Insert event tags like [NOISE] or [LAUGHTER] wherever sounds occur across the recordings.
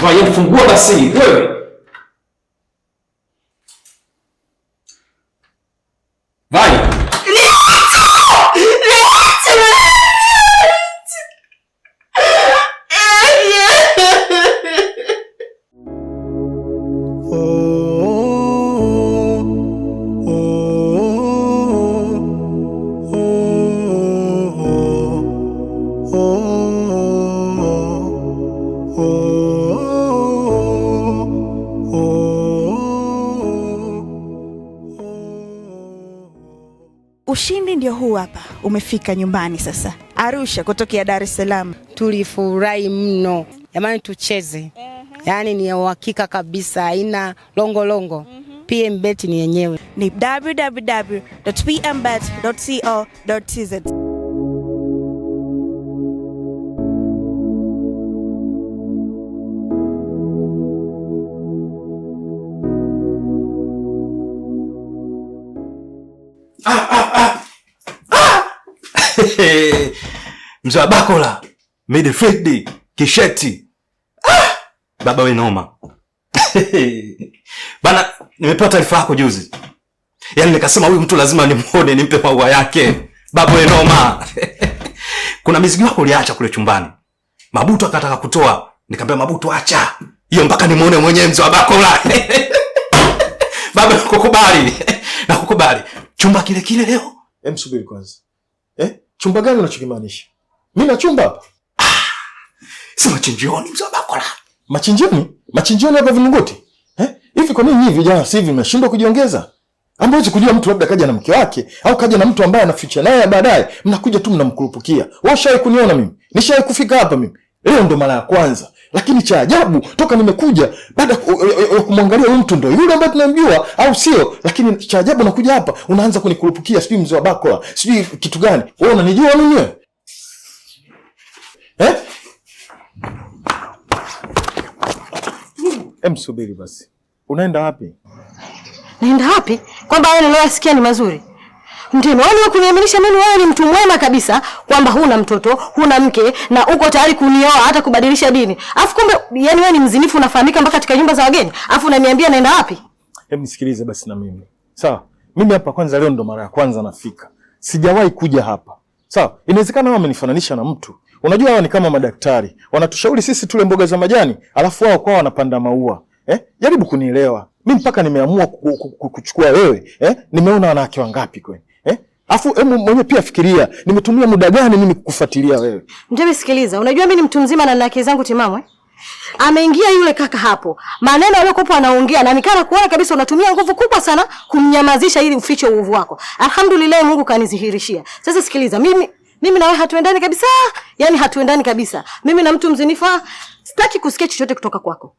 Vai, hiyo fungua basi wewe umefika nyumbani sasa Arusha kutokea Dar es Salaam? Tulifurahi mno jamani, tucheze yaani ni uhakika kabisa, haina longolongo. Mhm. PMBet ni yenyewe ni www.pmbet.co.tz. mzee wa Bakola, Midfield, Kisheti. Ah! Baba we noma. [LAUGHS] Bana, nimepewa taarifa yako juzi. Yaani nikasema huyu mtu lazima nimuone nimpe maua yake. Baba we noma. [LAUGHS] Kuna mizigo yako uliacha kule chumbani. Mabutu akataka kutoa, nikamwambia Mabutu acha. Hiyo mpaka nimuone mwenyewe mzee wa Bakola. [LAUGHS] Baba nakukubali. Nakukubali. Chumba kile kile leo? Hem, subiri kwanza. Eh? Chumba gani unachokimaanisha? Mimi na chumba hapa. Ah, si machinjioni mzee Bakola. Machinjioni? Machinjioni hapa Vingunguti? Eh? Hivi kwa nini vijana sasa hivi mnashindwa kujiongeza? Ambapo kujua mtu labda kaja na mke wake au kaja na mtu ambaye anaficha naye baadaye, mnakuja tu mnamkurupukia. Wewe ushawahi kuniona mimi? Nishawahi kufika hapa mimi. Leo ndo mara ya kwanza. Lakini cha ajabu toka nimekuja baada ya kumwangalia huyu mtu ndo yule ambaye tunamjua au sio? Lakini cha ajabu nakuja hapa unaanza kunikurupukia sijui mzee wa Bakola, sijui kitu gani. Wewe unanijua mimi? Eh? Emsubiri basi. Unaenda wapi? Naenda wapi? Kwamba wewe niliyosikia ni mazuri. Mtendo wani wa kuniaminisha mimi wewe ni mtu mwema kabisa kwamba huna mtoto, huna mke na uko tayari kunioa hata kubadilisha dini. Alafu kumbe yani wewe ni mzinifu unafahamika mpaka katika nyumba za wageni. Alafu unaniambia naenda wapi? Hebu nisikilize basi na mimi. Sawa. Mimi hapa kwanza leo ndo mara ya kwanza nafika. Sijawahi kuja hapa. Sawa. Inawezekana wao wamenifananisha na mtu Unajua hawa ni kama madaktari, wanatushauri sisi tule mboga za majani, alafu wao kwao wanapanda maua eh? Jaribu kunielewa mi, mpaka nimeamua kuchukua wewe eh? Nimeona wanawake wangapi kweli eh? Afu hebu mwenye pia fikiria, nimetumia muda gani mimi kukufuatilia wewe. Mtemi, sikiliza, unajua mi ni mtu mzima na nake zangu timamu eh? Ameingia yule kaka hapo, maneno aliyokuwa anaongea na nikana kuona kabisa unatumia nguvu kubwa sana kumnyamazisha ili ufiche uovu wako. Alhamdulillah, Mungu kanizihirishia. Sasa sikiliza mimi mimi na wewe hatuendani kabisa, yani hatuendani kabisa. Mimi na mtu mzinifa ah, sitaki kusikia chochote kutoka kwako.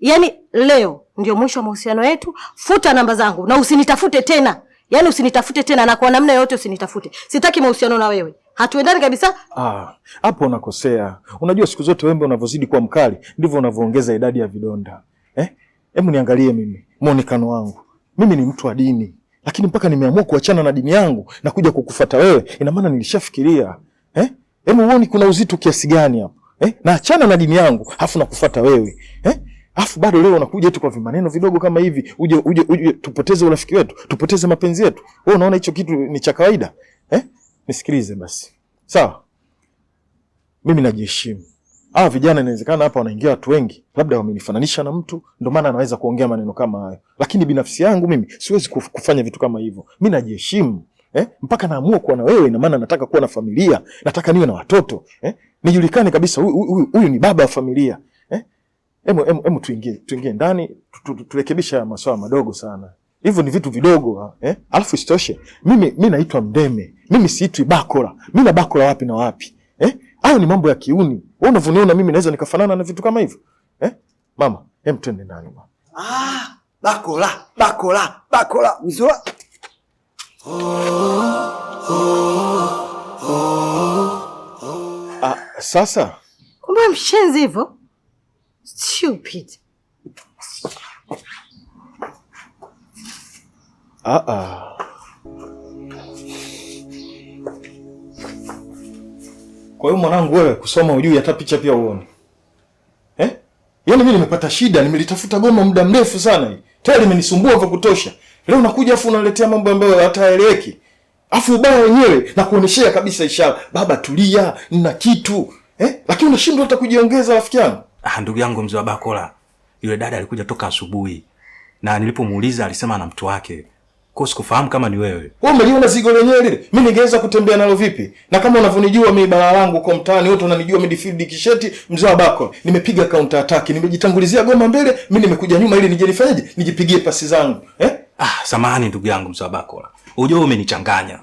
Yani leo ndio mwisho wa mahusiano yetu. Futa namba zangu na usinitafute tena, yani usinitafute tena, na kwa namna yoyote usinitafute. Sitaki mahusiano na wewe, hatuendani kabisa. Ah, hapo unakosea. Unajua siku zote wembe unavyozidi kuwa mkali ndivyo unavyoongeza idadi ya vidonda. Eh, hebu niangalie mimi, muonekano wangu. Mimi ni mtu wa dini lakini mpaka nimeamua kuachana na dini yangu na kuja kukufata wewe, ina maana nilishafikiria eh? Hebu uone kuna uzito kiasi gani hapo eh? Naachana na dini yangu afu nakufata wewe eh? Afu bado leo unakuja tu kwa vimaneno vidogo kama hivi, uje uje uje tupoteze urafiki wetu, tupoteze mapenzi yetu. Wewe unaona hicho kitu ni cha kawaida eh? Nisikilize basi, sawa? Mimi najiheshimu Ah, vijana inawezekana hapa wanaingia watu wengi, labda wamenifananisha na mtu, ndio maana anaweza kuongea maneno kama hayo. Lakini binafsi yangu mimi siwezi kufanya vitu kama hivyo. Mi najiheshimu eh? Mpaka naamua kuwa na wewe, ina maana nataka kuwa na familia, nataka niwe na watoto eh? Nijulikane kabisa, huyu ni baba wa familia eh? Emu tuingie, tuingie ndani turekebishe haya maswala madogo sana. Hivyo ni vitu vidogo eh? Alafu isitoshe mimi, mi naitwa Mdeme, mimi siitwi Bakora. Mi na Bakora wapi na wapi Hayo ni mambo ya kiuni. Wewe unavyoniona mimi naweza nikafanana na vitu kama hivyo. Eh? Mama, hem twende ndani mama. Ah, bakola, bakola, bakola. mzoa. Oh, oh, oh, oh. Ah, sasa. Kumbe mshenzi hivyo? Stupid. Ah ah. Kwa hiyo mwanangu, wewe kusoma ujui hata picha pia uone eh? Yaani mimi nimepata shida, nimelitafuta goma muda mrefu sana hii. Tayari limenisumbua vya kutosha. Leo nakuja afu unaletea mambo ambayo hataeleweki. Afu ubaya wenyewe na kuoneshea kabisa ishara. Baba tulia, nina kitu. Eh? Lakini unashindwa hata kujiongeza rafiki yangu. Ah, ndugu yangu mzee wa Bakola. Yule dada alikuja toka asubuhi. Na nilipomuuliza alisema na mtu wake. Kwa sikufahamu kama ni wewe. Wewe umeliona zigo lenyewe lile? Mimi ningeweza kutembea nalo vipi? Na kama unavyonijua mimi bala langu kwa mtaani wote unanijua midfield kisheti mzee wa bako. Nimepiga counter attack, nimejitangulizia goma mbele, mimi nimekuja nyuma ili nije nifanyeje? Nijipigie pasi zangu. Eh? Ah, samahani ndugu yangu mzee wa bako. Unajua umenichanganya.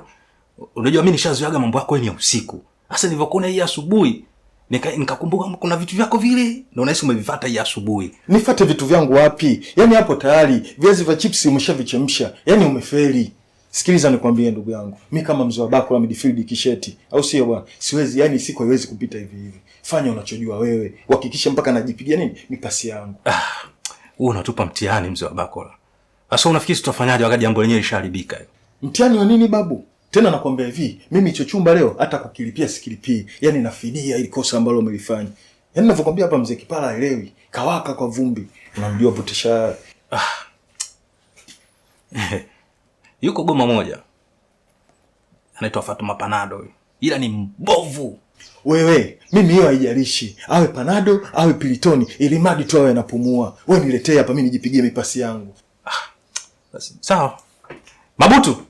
Unajua mimi nishazoeaga mambo yako ni ya usiku. Sasa nilivyokuona hii asubuhi, nikakumbuka Nika, kuna vitu vyako vile na unahisi umevifata hii asubuhi. Nifate vitu vyangu wapi? Yaani hapo tayari viazi vya chipsi umeshavichemsha. Yaani umefeli. Sikiliza nikwambie ndugu yangu. mi kama mzee wa bako la midfield kisheti au sio bwana? Siwezi yani siku haiwezi kupita hivi hivi. Fanya unachojua wewe. Hakikisha mpaka najipigia nini? Ni pasi yangu. Ah, wewe unatupa mtihani mzee wa bako la. Sasa unafikiri tutafanyaje wakati jambo lenyewe lishaharibika? Mtihani wa nini babu? Tena nakwambia hivi, mimi hicho chumba leo hata kukilipia sikilipii. Yaani nafidia ile kosa ambalo umelifanya. Yaani ninavyokuambia hapa mzee Kipala haelewi. Kawaka kwa vumbi. Unamjua potisha. Ah. [LAUGHS] Yuko goma moja. Anaitwa Fatuma Panado huyo. Ila ni mbovu. Wewe, mimi hiyo haijalishi. Awe Panado, awe Pilitoni, ili mradi tu awe anapumua. Wewe niletee hapa mimi nijipigie mipasi yangu. Ah. sawa. Mabutu.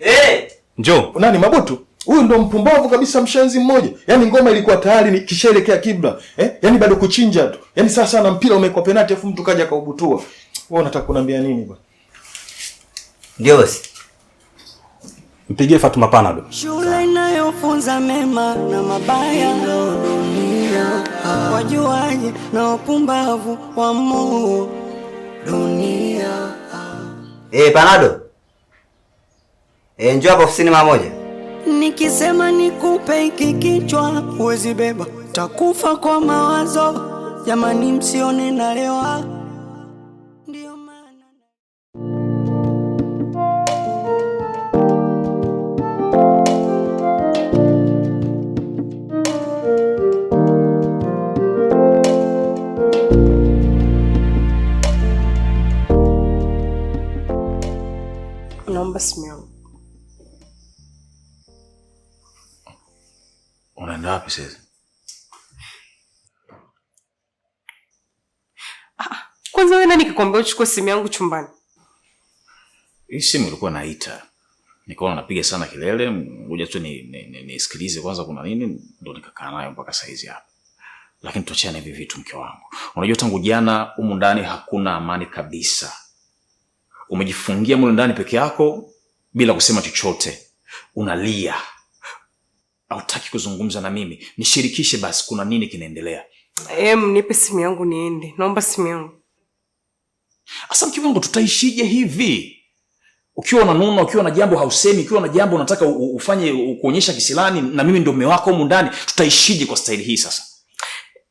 Eh! Hey! Njo. Nani Mabutu? Huyu ndo mpumbavu kabisa mshenzi mmoja. Yaani ngoma ilikuwa tayari ni kisherekea kibla. Eh? Yaani bado kuchinja tu. Yaani sasa na mpira umekwa penalti afu mtu kaja kaubutua. Wewe unataka kuniambia nini bwana? Ndio basi. Mpigie Fatuma Panado. Shule inayofunza mema na mabaya Wajuaji na wapumbavu wa dunia. Eh, Panado. E, njoo hapo ofisini mara moja. Nikisema nikupe hiki kichwa huwezi beba, takufa kwa mawazo. Jamani, msione nalewa nilikuambia uchukue simu yangu chumbani? Hii simu ilikuwa naita, nikaona napiga sana kelele, ngoja tu nisikilize ni, ni, ni kwanza kuna nini, ndo nikakaa nayo mpaka saizi hapa. Lakini tuachane hivi vitu, mke wangu. Unajua tangu jana humu ndani hakuna amani kabisa, umejifungia mule ndani peke yako bila kusema chochote, unalia, hautaki kuzungumza na mimi. Nishirikishe basi, kuna nini kinaendelea? Em, nipe simu yangu niende, naomba simu yangu. Asa, mke wangu, tutaishije hivi? Ukiwa unanuna, ukiwa na jambo hausemi, ukiwa na jambo unataka ufanye kuonyesha kisilani, na mimi ndio mume wako humu ndani, tutaishije kwa staili hii sasa?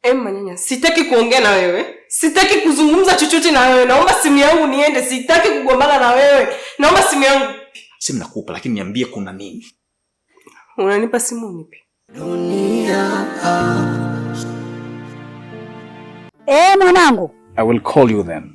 Emma nyanya, sitaki kuongea na wewe, sitaki kuzungumza chochote na wewe, naomba simu yangu niende, sitaki kugombana na wewe, naomba simu yangu. Simu nakupa, lakini niambie kuna nini? Unanipa simu nipi? Dunia. Eh, mwanangu. I will call you then.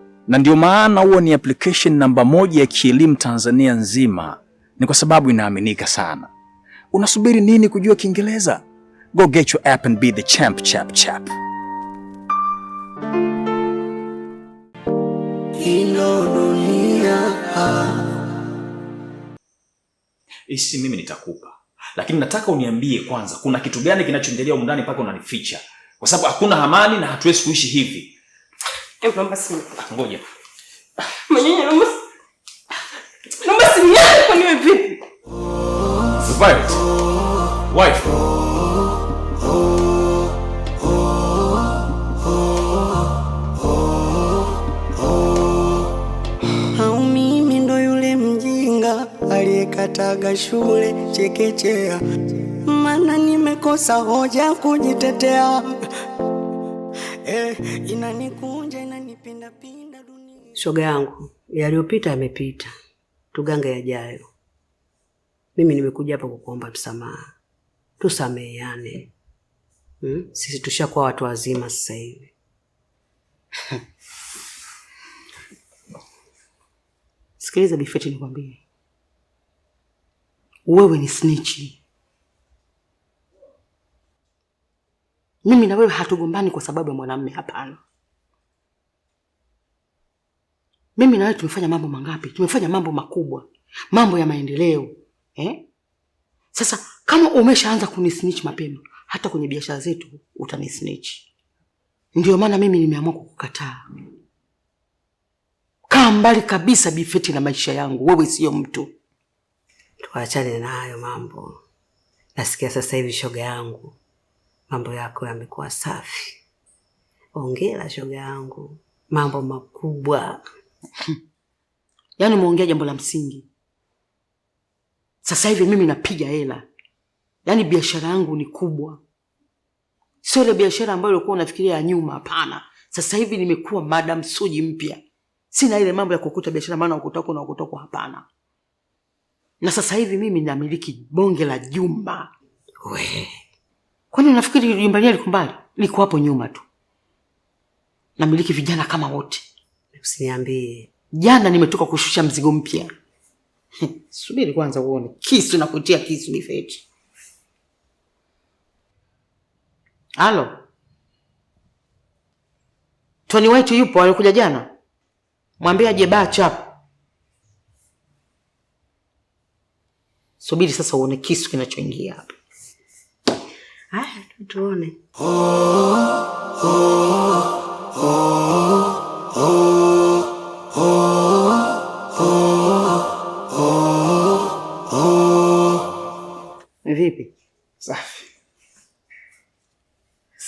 na ndio maana huo ni application namba moja ya kielimu Tanzania nzima, ni kwa sababu inaaminika sana. Unasubiri nini kujua Kiingereza? Go get your app and be the champ chap chap. Isi eh, mimi nitakupa, lakini nataka uniambie kwanza, kuna kitu gani kinachoendelea umundani ndani mpaka unanificha? Kwa sababu hakuna amani na hatuwezi kuishi hivi. Hebu eh, naomba simu. Ngoja. naomba. Naomba simu yako niwe vipi? Wife. Au mimi ndo yule mjinga aliyekataga shule chekechea, mana nimekosa hoja kujitetea. Eh, inaniku Shoga yangu, yaliyopita yamepita, tugange yajayo. Mimi nimekuja hapa kukuomba msamaha, tusameheane. Hmm? Sisi tushakuwa watu wazima sasa hivi. [LAUGHS] Sikiliza Bifeti, nikwambie, wewe ni snichi. Mimi na wewe hatugombani kwa sababu ya mwanamume, hapana. Mimi na wewe tumefanya mambo mangapi? Tumefanya mambo makubwa, mambo ya maendeleo eh? Sasa kama umeshaanza kunisnitch mapema, hata kwenye biashara zetu utanisnitch. Ndio maana mimi nimeamua kukukataa. Kaa mbali kabisa, Bifeti, na maisha yangu. Wewe sio mtu. Tuachane na hayo mambo. Nasikia sasa hivi, shoga yangu, mambo yako yamekuwa safi. ongela shoga yangu, mambo makubwa. [LAUGHS] Yaani umeongea jambo la msingi. Sasa hivi mimi napiga hela, yaani biashara yangu ni kubwa, sio ile biashara ambayo ulikuwa unafikiria ya nyuma. Hapana, sasa hivi nimekuwa Madam Suji mpya. Sina ile mambo ya kukuta biashara maana ukutako na ukutako, hapana. Na sasa hivi mimi namiliki bonge la jumba. We, kwani unafikiri jumba lile liko mbali? Liko hapo nyuma tu. Namiliki vijana kama wote Usiniambie. Jana nimetoka kushusha mzigo mpya. [LAUGHS] Subiri kwanza uone. Kisu nakutia kisu feti. Halo. Tony White yupo alikuja jana? Mwambie aje bacha. Subiri sasa uone kisu kinachoingia hapa. Haya, tuone. Oh, oh, oh, oh. oh, oh.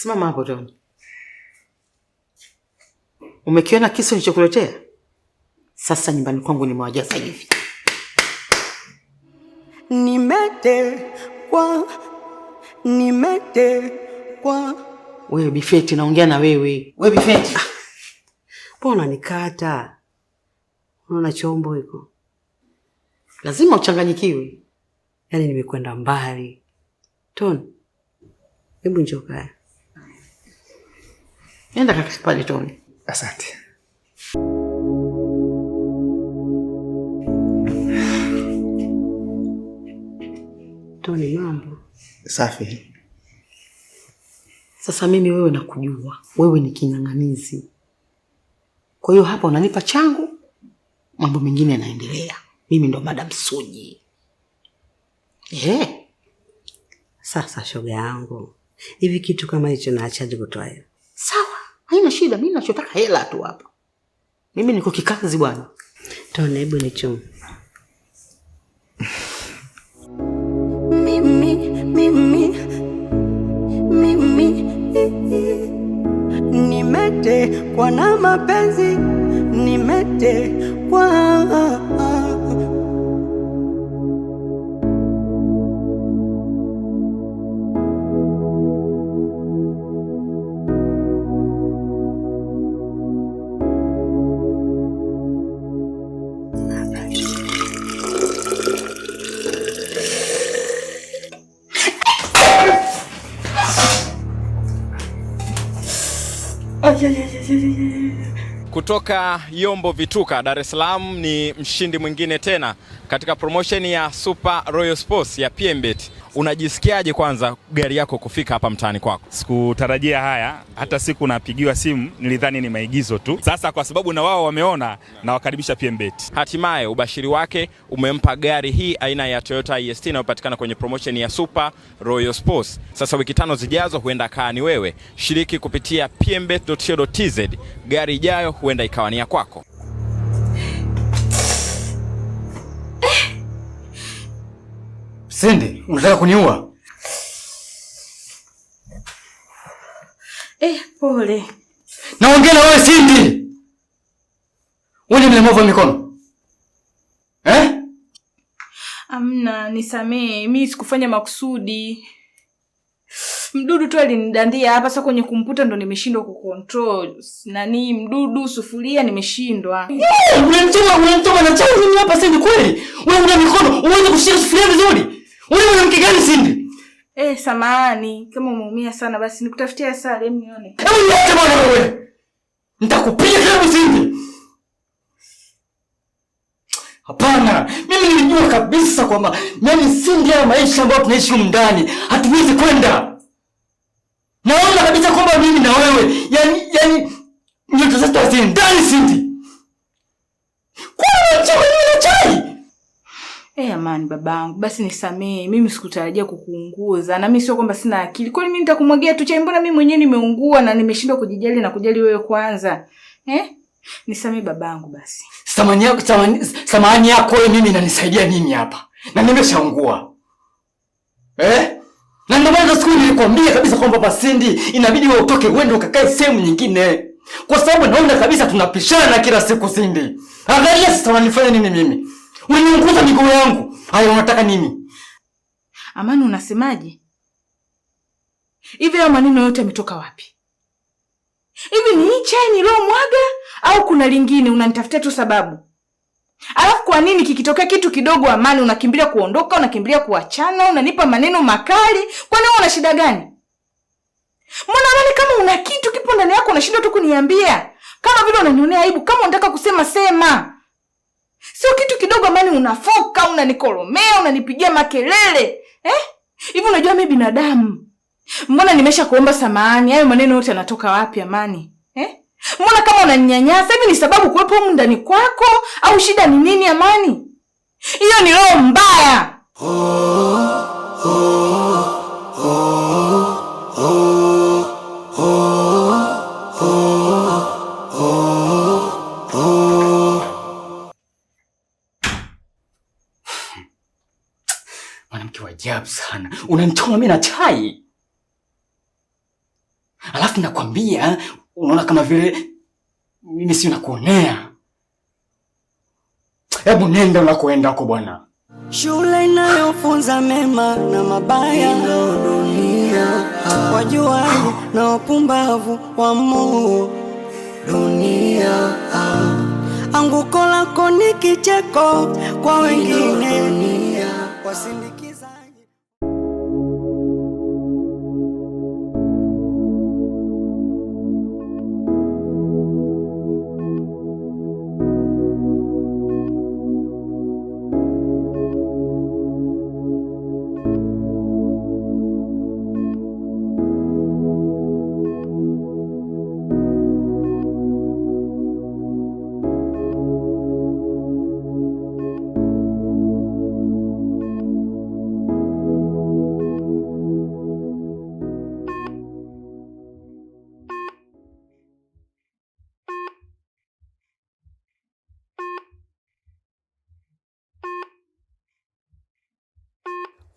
Simama hapo Toni. Umekiona kisu nilichokuletea? Sasa nyumbani kwangu nimewajaza hivi. Nimetekwa, nimetekwa. Wewe Bifeti, naongea na wewe. Wewe Bifeti. Ah. Mbona nikata? Unaona chombo hiko? Lazima uchanganyikiwe. Yaani nimekwenda mbali. Toni. Hebu njoo kaya. Nenda kaka pale Toni. Asante. Toni, mambo safi. Sasa mimi wewe nakujua, wewe ni king'ang'anizi, kwa hiyo hapa unanipa changu, mambo mengine yanaendelea. Mimi ndo madam Suji. Ehe. Sasa shoga yangu, hivi kitu kama hicho naachaje kutoa hiyo haina shida, mimi ninachotaka hela tu hapa. Mimi niko kikazi bwana. Tone, hebu nichome. Mimi mimi mimi nimetekwa na mapenzi, nimetekwa Kutoka Yombo Vituka, Dar es Salaam ni mshindi mwingine tena katika promotion ya Super Royal Sports ya PMbet. Unajisikiaje kwanza gari yako kufika hapa mtaani kwako? Sikutarajia haya, hata siku napigiwa simu nilidhani ni maigizo tu. Sasa kwa sababu na wao wameona, nawakaribisha PMbet. Hatimaye ubashiri wake umempa gari hii aina ya Toyota IST e inayopatikana kwenye promotion ya Super Royal Sports. Sasa wiki tano zijazo huenda kaa ni wewe. Shiriki kupitia pmbet.co.tz. Gari ijayo huenda ikawa ni ya kwako. Sindi, unataka kuniua? Eh, pole. Naongea na wewe Sindi. Wewe mlemavu wa mikono. Eh? Amna, nisamee. Mimi sikufanya makusudi. Mdudu tu alinidandia hapa sasa kwenye kumputa ndo nimeshindwa kucontrol. Nani mdudu sufuria nimeshindwa. Unanichoma, unanichoma na chanzo hapa Sindi kweli. Wewe una mikono, uweze kushika sufuria vizuri. Wewe mwanamke gani Simbi? Eh, samani, kama umeumia sana basi nikutafutia asali hem nione. Hebu niache bwana wewe. Nitakupiga karibu Simbi. Hapana, mimi nilijua kabisa kwamba mimi si ya maisha ambayo tunaishi humu ndani. Hatuwezi kwenda. Naona kabisa kwamba mimi na wewe, yani yani ndio tutazata ndani Simbi. Eh, amani babangu, basi nisamee, mimi sikutarajia kukuunguza, na mimi sio kwamba sina akili. Kwani mimi nitakumwagia tu chai? Mbona mimi mwenyewe nimeungua na nimeshindwa kujijali na kujali wewe kwanza eh? Nisamee babangu. Basi samani yako, samani yako wewe, mimi inanisaidia nini hapa, na nimeshaungua eh? Na ndio maana siku nilikwambia kabisa kwamba pasindi inabidi wewe utoke uende ukakae sehemu nyingine, kwa sababu naona kabisa tunapishana kila siku. Sindi, angalia sasa wanifanya nini mimi uliniunguza miguu yangu. Haya, unataka nini? Amani, unasemaje? Hivi hayo maneno yote yametoka wapi? Hivi ni hii chai nilomwaga au kuna lingine? Unanitafutia tu sababu. Alafu kwa nini kikitokea kitu kidogo, Amani, unakimbilia kuondoka, unakimbilia kuachana, unanipa maneno makali? Kwani una shida gani? Mbona Amani, kama una kitu kipo ndani yako unashindwa tu kuniambia, kama vile unanionea aibu. Kama unataka kusema sema sio kitu kidogo. ambani unafoka unanikoromea unanipigia makelele eh? hivi eh? Unajua mi binadamu, mbona nimesha kuomba samahani? Hayo maneno yote yanatoka wapi amani eh? Mbona kama unaninyanyasa hivi, ni sababu kuwepo humu ndani kwako au shida ni nini amani? Hiyo ni roho mbaya. Oh, oh. ajabu sana, unanichoma mimi na chai, alafu nakwambia unaona kama vile mimi si nakuonea. Hebu nenda unakoenda huko bwana. Shule inayofunza mema na mabaya dunia, wajuaji na wapumbavu wamo dunia. Anguko lako ni kicheko kwa wengine.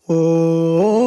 oh.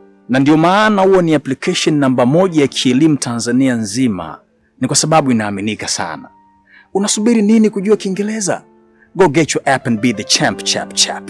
na ndio maana huo ni application namba moja ya kielimu Tanzania nzima, ni kwa sababu inaaminika sana. Unasubiri nini kujua Kiingereza? Go get your app and be the champ chap chap.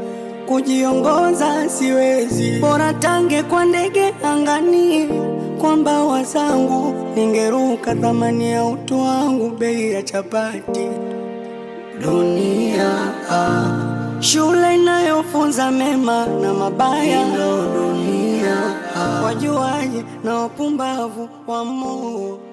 kujiongoza siwezi, bora tange kwa ndege angani, kwa mbawa zangu ningeruka. Thamani ya utu wangu bei ya chapati. Dunia ah, shule inayofunza mema na mabaya. Dunia ah, wajuaji na wapumbavu wa moo